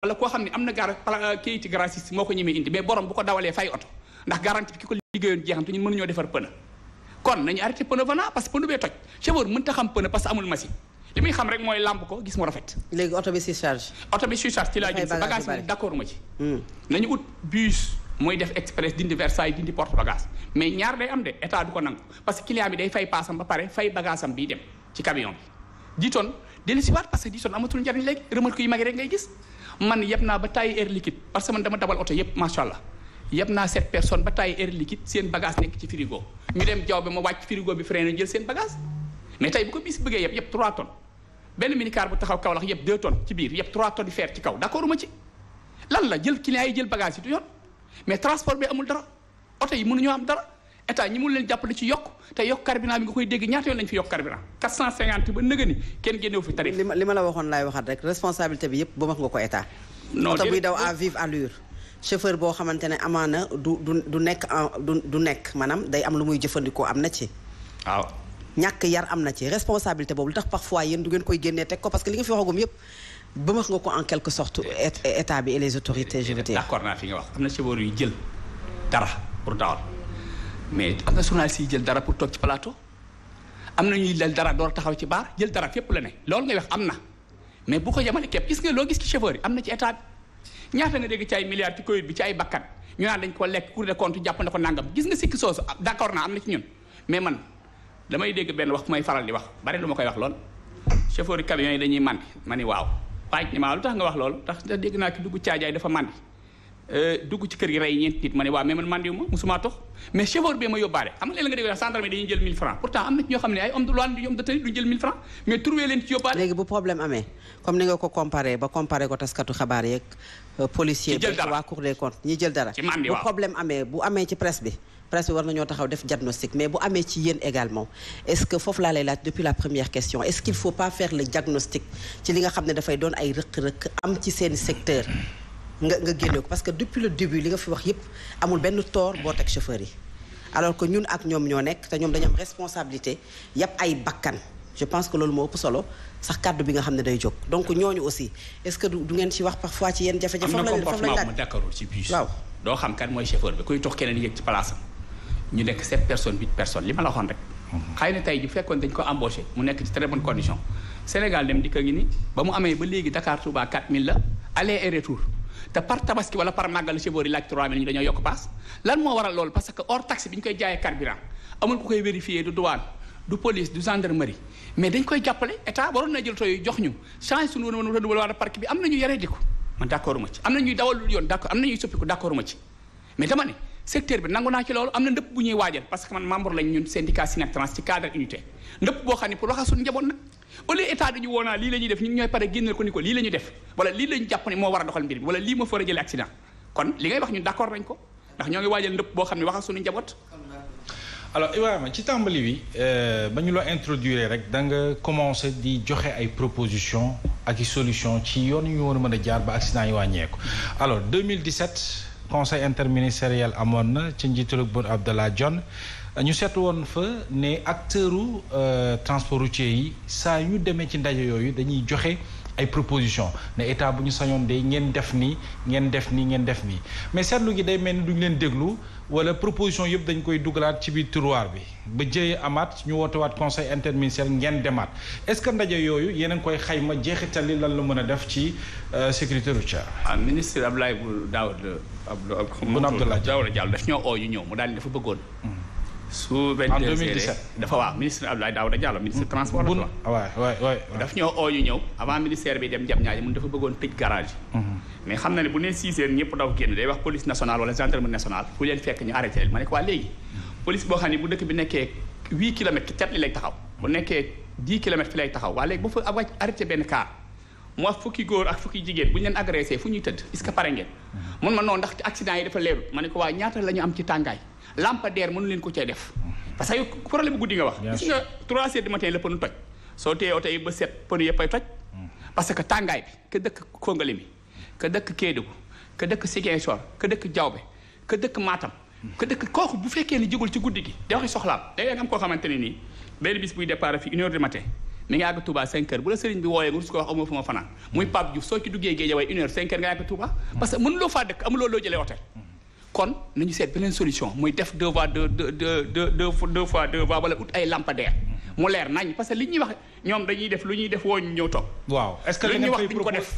wala koo xam ne am na gar euh, kayiti garagiste moo ko ñemee indi mais borom bu ko dawalee fay oto ndax garantie bi ki ko liggéeyoon jeexantu ñun mënuñoo defar pneu kon nañu arrêté pneu hmm. nañu ut bus mooy am de état du ko nangu parce fay paasam ba pare fay bagage bii dem ci camion bi dix tonnes dellu si waat parce que amatul njariñ léegi remorque yu mag rek ngay gis man yeb naa ba tàyyi air liquide parce que man dama dabal oto yëpp macha allah yeb naa cette personne ba tàyyi air liquide seen bagage nekk ci frigo ñu dem jaww bi ma wàcc frigo bi freiné jël seen bagage mais tey bu ko bis bëggee yëpp yëpp 3 benn minicar bu taxaw Kaolack yëpp 2 tonnes ci biir yëpp 3 tonnes di fer ci kaw d'accord ci lan la jël client yi jël bagage yi du yoon mais transport bi amul dara oto yi mënuñoo am dara. état ñi mun leen jàppale ci yokk te yokk carburant bi nga koy dégg ñaata yoon lañ fi yokk carburant 450 ba nëgë ni kenn génnewu fi tarif. li ma li ma la waxoon laay waxaat rek chauffeur boo xamante ne amaana du du du nekk du du nekk maanaam day am lu muy jëfandikoo am na ci. waaw. ñàkk yar am na ci responsabilité boobu lu tax parfois yéen du ngeen koy génnee teg parce que li nga fi waxagum yëpp ko en quelque état bi et les autorités. je veux dire d'accord naa fi wax am na chauffeur yu jël dara pour dawal. mais am na journaliste jël dara pour toog ci plateau am na ñuy lel dara door taxaw ci baar jël dara fépp la ne loolu ngay wax am na mais bu ko jamale képp gis nga loo gis ci chauffeur am na ci état bi ñaata nga dégg ci ay milliards ci Covid bi ci ay bakkan ñu naan dañ ko lekk Cour na ko nangam gis nga sikki soosu ah, d'accord naa am na ci ñun man damay dégg benn wax ku faral di wax bari lu ma koy wax lool chauffeur yi camions yi dañuy màndi ma ni waaw waaye ni lu tax nga wax loolu tax dégg naa ki dugg caajaay dafa màndi Euh, dugg ci kër gi rey ñeenti nit ma ne waaw mais man mandiw ma musuma tox mais chauffeur bi ma yóbbaale xam nga léeg nga dégg gendarme dañuy jël 1000 francs am na ñoo xam ne ay homme de loi di homme de tenue duñ jël 1000 francs mais trouvé bu amee comme ni nga ko comparé ba comparé ko taskatu xabaar yeeg euh, policier bi waa cour des comptes ñi jël dara bu problème amee bu amee ci presse bi presse bi war nañoo taxaw def diagnostic mais bu amee ci yéen également est-ce que foofu laa lay laaj depuis la première question est-ce qu'il faut pas faire le nga xam ne dafay doon ay rëq-rëq am ci seen secteur nga nga génne ko parce que depuis le début li nga fi wax yépp amul benn tort boo teg chauffeur yi alors que ñun ak ñoom ñoo nekk te ñoom dañu am responsabilité ay bakkan je pense que loolu moo ëpp solo sax kàddu bi nga xam ne day jóg donc ñooñu aussi est-ce que du ngeen ci wax parfois ci yenn jafe-jafe. am na comportement mu dakkarul ci bus. waaw doo xam kan ñu nekk sept personnes huit personnes li ma la waxoon rek. Mhm. xëy na tey ji fekkoon dañ ko embauché mu nekk ci très bonne condition Sénégal dem di ngi ni ba mu amee ba léegi Dakar Touba 4000 la aller et retour. te par tabaski wala par màggal chauffeur yi laaj 3000 ñu dañoo yokk paas lan moo waral loolu parce que hors taxe bi ñu koy jaayee carburant amul ku koy vérifier du douane du police du gendarmerie mais dañ koy jàppale état waroon na jël tooy jox ñu change suñu won renouveler wala parc bi am na ñu yaree di ko man ci am na ñuy dawalul yoon d' am na ñuy soppiku d' accord ma ci mais dama ne secteur bi nangu naa ci loolu am na ndëpp bu ñuy waajal parce que man membre lañ ñun syndicat Synectrans ci cadre unité ndëpp boo xam ne pour waxal njaboot nag au lieu état dañu woonaa lii la def ñun ñooy pare génneel ko ni ko lii la def wala lii lañu jàpp ne moo war a doxal mbir mi wala lii ma far a ko ndax ñoo ngi waajal ndëpp boo xam ne waxal suñu njaboot ci tàmbali bi euh, ba ñu la introduire rek da nga commencé di joxe ay proposition ak yi solution ci yoon yu ñu war a mën a jaar ba accident yi wàññeeku alors 2017 conseil interministériel amoon na ci njiitalu Boun Abdallah Dionne ñu seetlu woon fa ne acteuru euh, transport routier yi saa ñu demee ci ndaje yooyu dañuy joxe ay proposition ne état bu ñu sañoon day ngeen def nii ngeen def nii ngeen def nii mais seetlu gi day mel ni duñu leen déglu wala proposition yëpp dañ koy dugalaat ci biir tiroir bi ba jëye amaat ñu wootewaat conseil interministériel ngeen demaat est-ce que ndaje yooyu yéen a ngi koy xayma jeexital li lan la mën a def ci euh, sécurité routière. ah ministre Abdoulaye Daouda Abdoulaye Daouda Diallo daf ñoo oo ñu ñëw mu daal dafa bëggoon. Hmm. su 2017 dafa waaw ministre Abdoulaye Daouda Diallo ministre transport la waaw daf ñoo oo ñu ñëw avant ministère bi dem jam ñaaji mun dafa bëggoon tëj garage yi mhm. mais xam na bu ne six heures ñëpp daw génn day wax police nationale waa léegi police boo xam ne bu dëkk lay taxaw bu nekkee dix kilomètres fi lay góor ak fukki jigéen bu ñu leen fu ñuy tëdd est que pare ngeen mhm. mun ma noonu ndax accident yi dafa leerul ma ne ko waa ñaata la ñu am ci tàngaay lampadaire mënu leen ko cee def parce que problème guddi nga wax gis nga trois heures du matin la pneu toj soo téye oto yi ba set pneu yëpp ay toj parce que tàngaay bi ka dëkk Kongolemi ka dëkk Kédougou ka dëkk Ziguinchor ka dëkk Diaobé ka dëkk Matam ka dëkk kooku bu fekkee ne jigul ci guddi gi da waxi soxlaam da ngay am koo xamante ne nii benn bis buy départ fi une heure matin mi ngi àgg Touba 5 bu la sëriñ bi wooyee nga su wax amoo faa dëkk amuloo loo jëlee kon nañu seet beneen solution muy def deux voies deux deux deux deux fois deux voies wala ut ay lampadaire mu leer nañ parce que li ñuy wax ñoom dañuy def lu ñuy def woo ñu ñëw toog. waaw est-ce que lu ñuy wax duñ ko def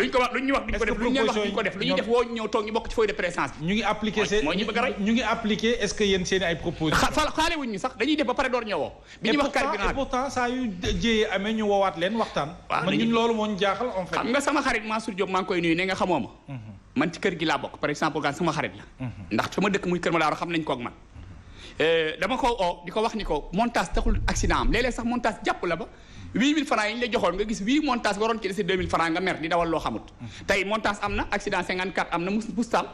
lu ñu ko wax lu ñuy wax duñ ko def lu ñuy wax duñ ko def lu ñuy def woo ñu ñëw toog ñu bokk ci feuille de présence bi. ñu ngi appliqué seen mooy ñu bëgg a rey ñu ngi appliqué est-ce que yéen seen ay propositions. xa xaale wuñ ñu sax dañuy def ba pare door ñëwoo. bi ñuy wax carburant bi pourtant saa yu jéyee amee ñu woowaat leen waxtaan. waaw man ñun loolu moo ñu jaaxal en fait. xam nga sama xarit Mansour Diop maa ngi koy nuyu ne nga xamoo ma mhm. man ci kër gi laa bokk par exemple gaan sama xarit la mhm. ndax sama dëkk muy kër ma daaru xam nañ ko ak man eh, dama ko oo di ko wax ni ko montage taxul accident am léeg-léeg sax montage jàpp la ba huit mille francs yi ñu la joxoon nga gis huit montage waroon ci dese deux mille francs nga mer di dawal loo xamut mhm. tey montage am na accident 54 am na mus pustaal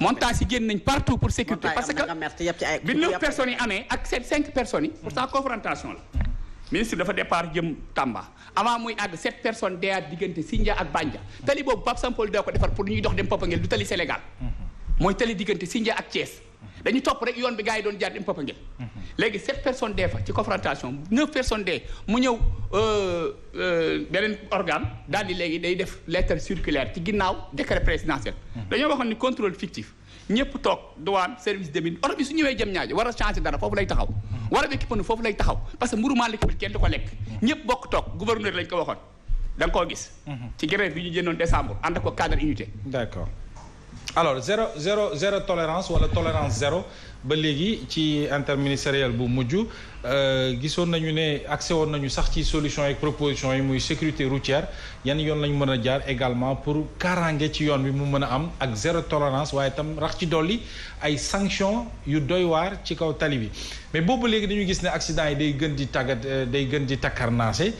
montage yi génn nañ partout pour sécurité parce que bi neuf personnes yi amee ak ministre dafa départ jëm Tamba avant muy àgg sept personnes deyaat diggante Sindia ak Bandia tali boobu Pape Sampol doo ko defar pour ñuy dox dem Popenguine du tali Sénégal mm-hmm. mooy tali diggante Sindia ak Thiès dañu topp rek yoon bi gaa yi doon jaar dem Popenguine léegi sept personnes dee fa ci confrontation neuf personnes dee mu ñëw euh, euh, beneen organe daal di léegi day def lettre circulaire ci ginnaaw décret présidentiel dañoo waxoon ni contrôle fictif ñëpp toog douane service des mines oto bi su ñëwee jëm ñaajo war a changer dara foofu lay taxaw war a bi kippanu foofu lay taxaw parce que mouvement li kipil kenn du ko lekk ñëpp bokk toog gouverneur lañ ko waxoon da ñu jëndoon décembre ànd ko cadre unité alors zéro zéro zéro tolérance wala tolérance zéro ba léegi ci interministériel bu mujj euh, gisoon nañu ne accès woon nañu sax ci solution ak proposition yi muy sécurité routière yenn yoon lañu mën a jaar également pour kaaraange ci yoon bi mu mën a am ak zéro tolérance waaye itam rax ci dolli ay sanctions yu doy waar ci kaw tali bi mais boobu léegi dañu gis ne accident yi day gën di tàggat euh, day gën di takkarnaase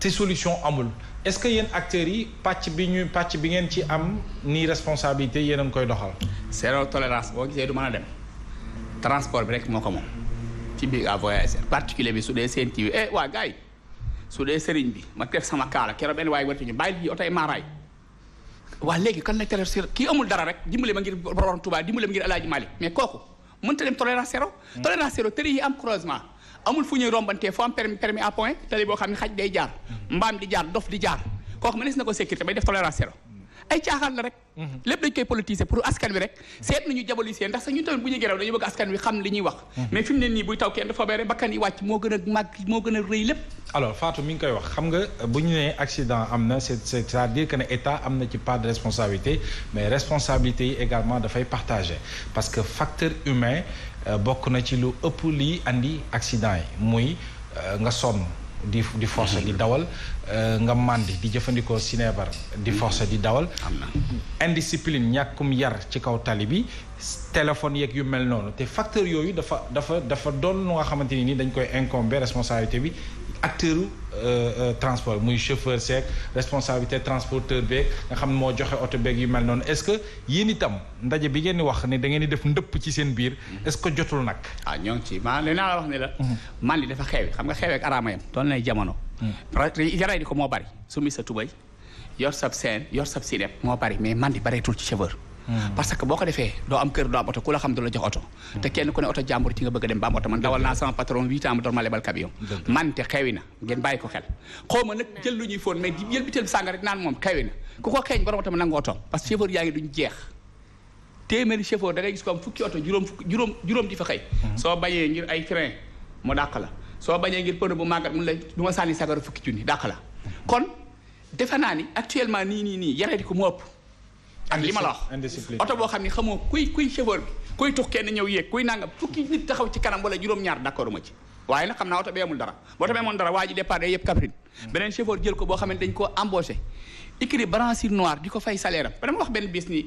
te solution amul est-ce que yéen acteur yi pàcc bi ñu pàcc bi ngeen ci am ni responsabilité yéen a ngi koy doxal. zéro tolérance boo gisee du mën a dem transport bi rek moo ko moom ci biir à voyageur particulier bi su dee seen TV eh waa gars su dee sëriñ bi ma def sama kaala keroog benn waaye waratuñu bàyyi ji oto yi maaraay waa léegi kan la traversé kii amul dara rek ma ngir borom Tuubaa dimbale ma ngir Alaaji Malik mais kooku tolérance zéro. Hmm. tolérance zéro yi am croisement. amul fu ñuy rombantee foo am permis permis à point boo xam ne xaj day jaar mbaam di jaar dof di jaar koo xam ne na mhm. askan wi rek seet nañu jabalisee ndax sax ñun tamit bu ñu gerew dañu bëgg askan wi xam li ñuy wax mhm. mais fi mu ne nii buy taw kenn dafa a màgg moo gën lépp alors Fatou mi ngi koy wax xam nga bu ñu nee accident am na c'est c'est-à-dire que ne état am na ci part de responsabilité mais responsabilité yi également dafay partagé parce que facteur humain Euh, bokk na ci lu ëpp li andi accident yi muy euh, nga sonn di di force di dawal euh, nga màndi di jëfandikoo sineebar di force di dawal indiscipline ñàkkum yar ci kaw tali bi téléphone yeeg yu mel noonu te facteur yooyu dafa dafa dafa doon lu nga xamante ni dañ koy incomber responsabilité bi acteur euh, euh, transport muy chauffeur seeg responsabilité transporteur beeg nga xam moo joxe oto beeg yi mel noonu est-ce que yéen itam ndaje bi ngeen di wax ne da ngeen di def ndëpp ci seen biir est-ce que jotul nag. ah ñoo ngi ci maa li naa wax ni la. Mhm. man li dafa xeewi xam nga xeewee ak araama yam doon nay jamono. Mhm. jaray di ko moo bari su mi sa tubay yor sab seen yor sab sideb moo bari mais man di bareetul ci chauffeur. Mm. parce que boo ko defee doo am kër doo am oto ku la xam du la jox oto mm. te kenn ku ne oto jàmbur ci nga bëgg a dem ba am oto man dawal naa sama patron huit ans mu doon ma lebal camion man te xewi ngeen bàyyi ko xel xaw ma nag jël lu ñuy foon di jël bi teel sànga rek naan moom xewi na ko xeeñ borom oto nangu oto parce que chauffeur yaa ngi duñ jeex téeméeri chauffeur da ngay gis ko am fukki oto juróom juróom di fa xëy mm. soo bañee ngir ay nii nii nii ak li ma la wax oto boo xam ne xamoo kuy kuy chauffeur bi kuy tux kenn ñëw yéeg kuy nangam fukki nit taxaw ci kanam wala juróom-ñaar d'accord ma waaye nag xam naa oto bi amul dara boo tamee amoon dara waa ji départ day yëpp Kaffrine mm. beneen chauffeur jël ko boo xam ne dañ koo embauché écrit balancir noir di ko fay salaire am dama wax benn bis nii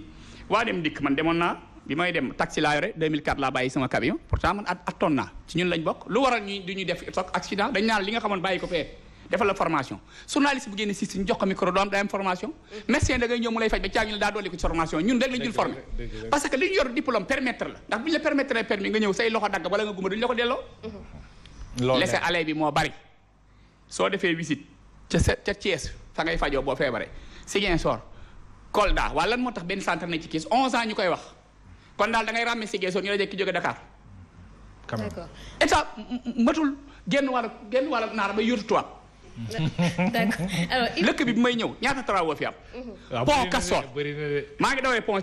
waa dem dikk man demoon naa bi may dem taxi laa yore 2004 laa bàyyi sama camion pourtant man at attoon naa ci ñun ko defal la formation journaliste bu génne si si ñu jox ko micro doom day am formation médecin da ñëw mu lay faj ba caag ñu daa dolli ko ci formation ñu jël formé parce que li ñu yor diplôme permettre la ndax bu ñu la permettre permis nga ñëw bi moo bari soo defee visite ca ca Thiès fa ngay fajoo boo feebaree Ziguinchor Kolda waa lan moo tax benn centre ne ci kiis onze ans ñu koy wax kon daal da ngay ràmme Ziguinchor ñu la jëkk ki jóge Dakar état matul genn wàll genn wàll naar ba yóotu tubaab d'accord alors. lëkk bi bi may ñëw ñaata travaux fi am. Ah, pont Castor maa ngi dawee